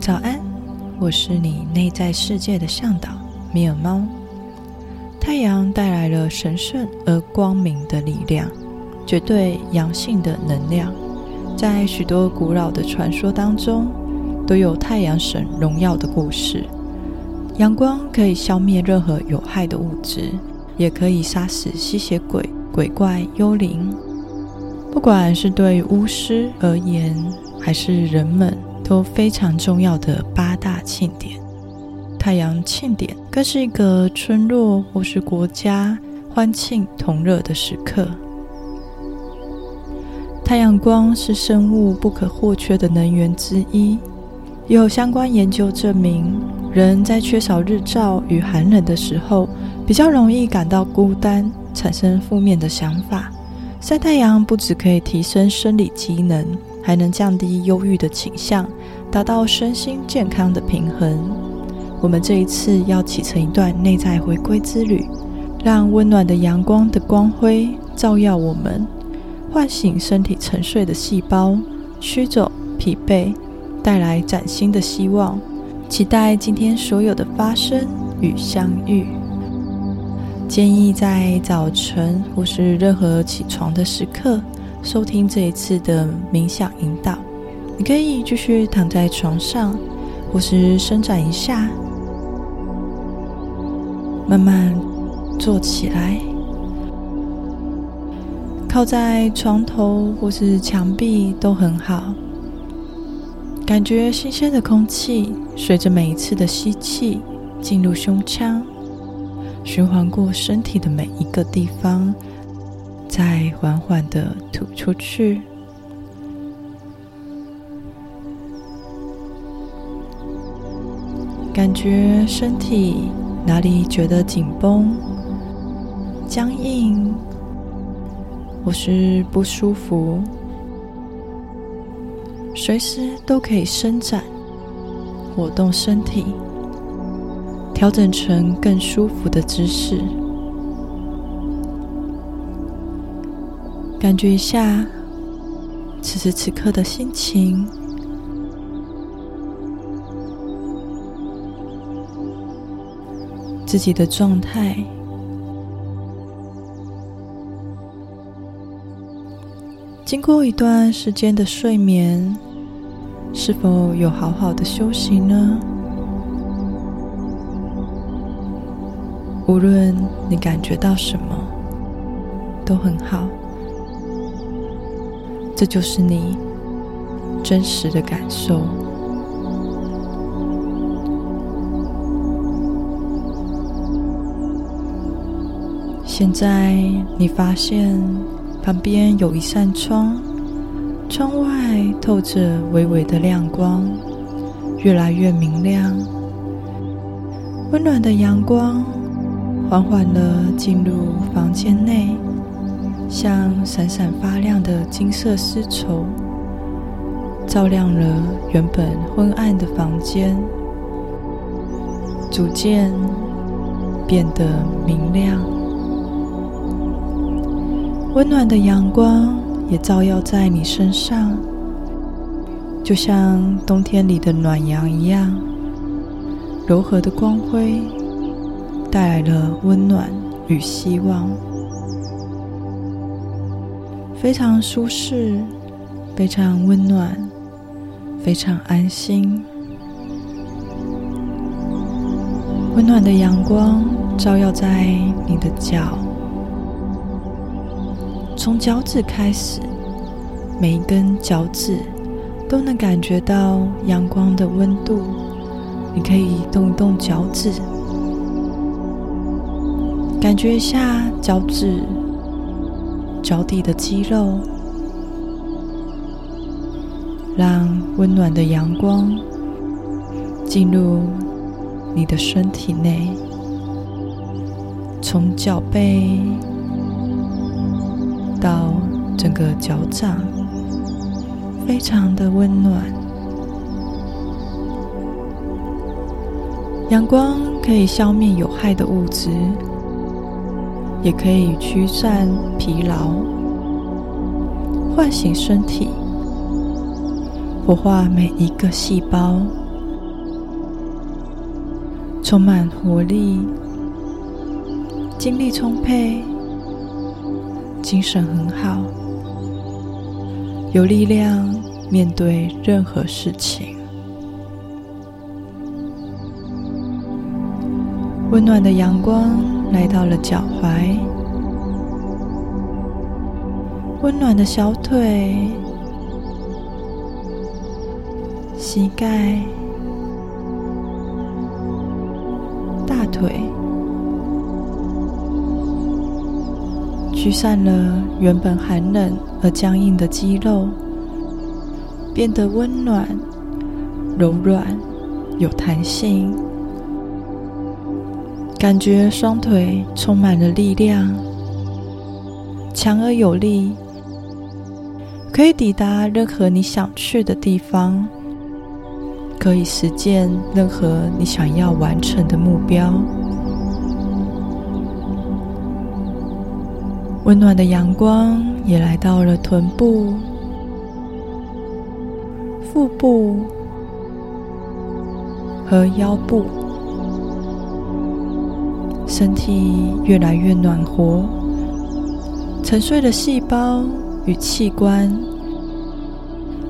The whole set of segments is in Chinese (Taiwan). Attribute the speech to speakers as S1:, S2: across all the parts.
S1: 早安，我是你內在世界的向導，米爾貓。太陽帶來了神聖而光明的力量，絕對陽性的能量。在許多古老的傳說當中，都有太陽神榮耀的故事。陽光可以消滅任何有害的物質，也可以殺死吸血鬼、鬼怪、幽靈。不管是對巫師而言，還是人們，都非常重要的八大慶典，太陽慶典更是一個村落或是國家歡慶同樂的時刻。太陽光是生物不可或缺的能源之一，有相關研究證明，人在缺少日照與寒冷的時候，比較容易感到孤單，產生負面的想法。曬太陽不只可以提升生理機能。才能降低憂鬱的傾向，達到身心健康的平衡。我們這一次要啟程一段內在回歸之旅，讓溫暖的陽光的光輝照耀我們，喚醒身體沉睡的細胞，驅走疲憊，帶來嶄新的希望。期待今天所有的發生與相遇。建議在早晨或是任何起床的時刻，收聽這一次的冥想引導，你可以繼續躺在床上，或是伸展一下，慢慢坐起來，靠在床頭或是牆壁都很好。感覺新鮮的空氣隨着每一次的吸氣進入胸腔，循環過身體的每一個地方。再緩緩的吐出去，感覺身體哪裡覺得緊繃、僵硬，或是不舒服，隨時都可以伸展、活動身體，調整成更舒服的姿勢。感覺一下，此時此刻的心情，自己的狀態，經過一段時間的睡眠，是否有好好的休息呢？無論你感覺到什麼，都很好。這就是你真實的感受。現在你發現旁邊有一扇窗，窗外透着微微的亮光，越來越明亮。溫暖的陽光緩緩地進入房間內。像閃閃發亮的金色絲綢，照亮了原本昏暗的房間，逐漸變得明亮。溫暖的陽光也照耀在你身上，就像冬天裡的暖陽一樣，柔和的光輝帶來了溫暖與希望。非常舒適，非常溫暖，非常安心。溫暖的陽光照耀在你的腳，從腳趾開始，每一根腳趾都能感覺到陽光的溫度。你可以動一動腳趾，感覺一下腳趾。腳底的肌肉，讓溫暖的陽光進入你的身體內，從腳背到整個腳掌，非常的溫暖。陽光可以消滅有害的物質。也可以驅散疲勞，喚醒身體，活化每一個細胞，充滿活力，精力充沛，精神很好，有力量面對任何事情。溫暖的陽光。來到了腳踝，溫暖的小腿、膝蓋、大腿，驅散了原本寒冷和僵硬的肌肉，變得溫暖、柔軟、有彈性。感覺雙腿充滿了力量，強而有力，可以抵達任何你想去的地方，可以實現任何你想要完成的目標。溫暖的陽光也來到了臀部、腹部和腰部。身體越來越暖和，沉睡的細胞與器官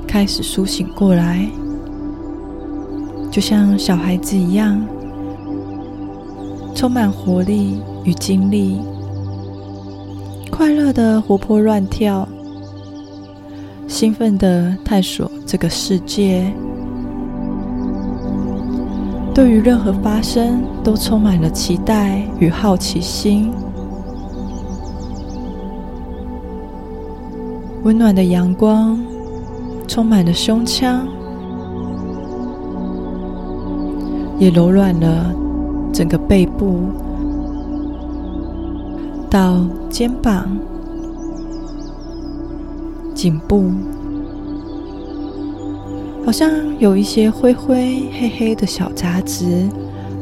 S1: 開始甦醒過來，就像小孩子一樣，充滿活力與精力，快樂的活潑亂跳，興奮的探索這個世界。對於任何發生，都充滿了期待與好奇心。溫暖的陽光充滿了胸腔，也柔軟了整個背部到肩膀、頸部。好像有一些灰灰黑黑的小雜質，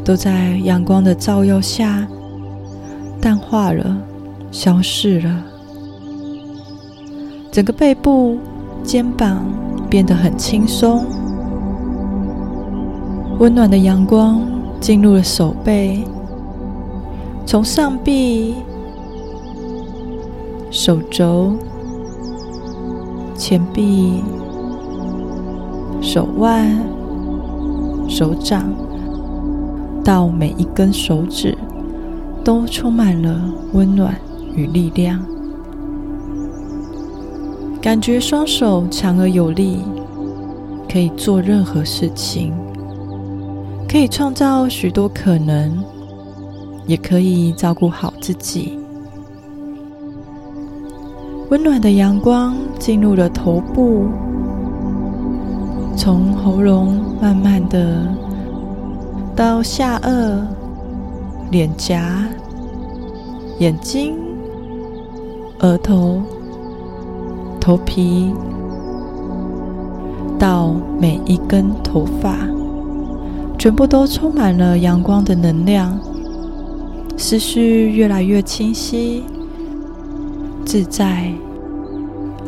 S1: 都在陽光的照耀下淡化了、消失了。整個背部、肩膀變得很輕鬆。溫暖的陽光進入了手背，從上臂、手肘、前臂。手腕、手掌到每一根手指，都充滿了溫暖與力量。感覺雙手強而有力，可以做任何事情，可以創造許多可能，也可以照顧好自己。溫暖的陽光進入了頭部。從喉嚨慢慢的到下顎、臉頰、眼睛、額頭、頭皮，到每一根頭髮，全部都充滿了陽光的能量。思緒越來越清晰、自在、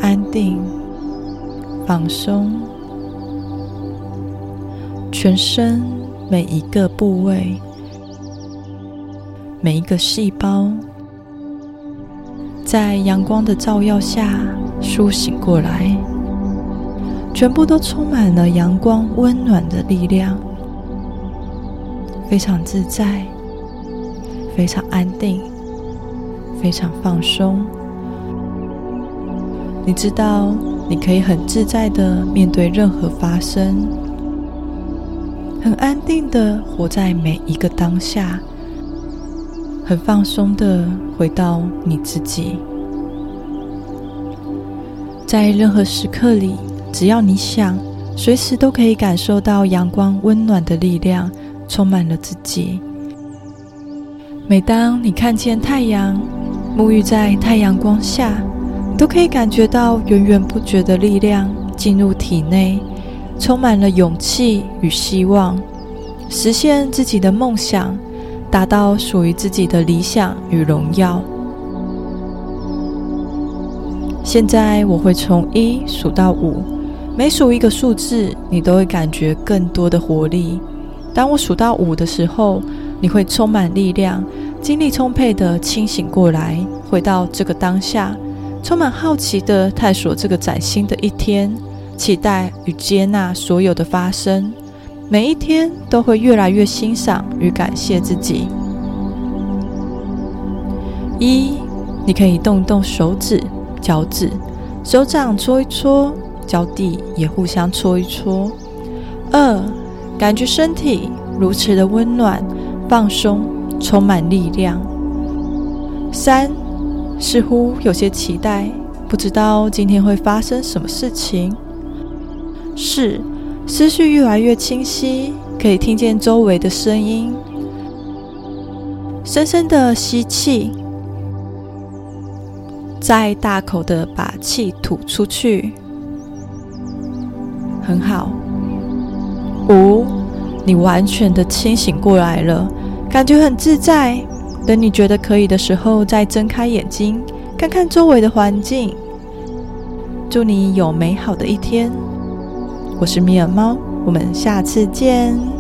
S1: 安定、放鬆。全身每一個部位，每一個細胞，在陽光的照耀下甦醒過來，全部都充滿了陽光溫暖的力量，非常自在，非常安定，非常放鬆。你知道，你可以很自在地面對任何發生。很安定的活在每一個當下，很放鬆的回到你自己，在任何時刻裡，只要你想，隨時都可以感受到陽光溫暖的力量，充滿了自己。每當你看見太陽，沐浴在太陽光下，都可以感覺到源源不絕的力量進入體內。充滿了勇氣與希望，實現自己的夢想，達到屬於自己的理想與榮耀。現在我會從一數到五，每數一個數字，你都會感覺更多的活力。當我數到五的時候，你會充滿力量、精力充沛的清醒過來，回到這個當下，充滿好奇的探索這個嶄新的一天。期待與接納所有的發生，每一天都會越來越欣賞與感謝自己。一，你可以動一動手指、腳趾，手掌搓一搓，腳底也互相搓一搓。二，感覺身體如此的溫暖、放鬆、充滿力量。三，似乎有些期待，不知道今天會發生什麼事情。四，思緒越來越清晰，可以聽見周圍的聲音。深深的吸氣，再大口的把氣吐出去，很好。五、哦，你完全的清醒過來了，感覺很自在。等你覺得可以的時候，再睜開眼睛，看看周圍的環境。祝你有美好的一天。我是米爾貓，我們下次見。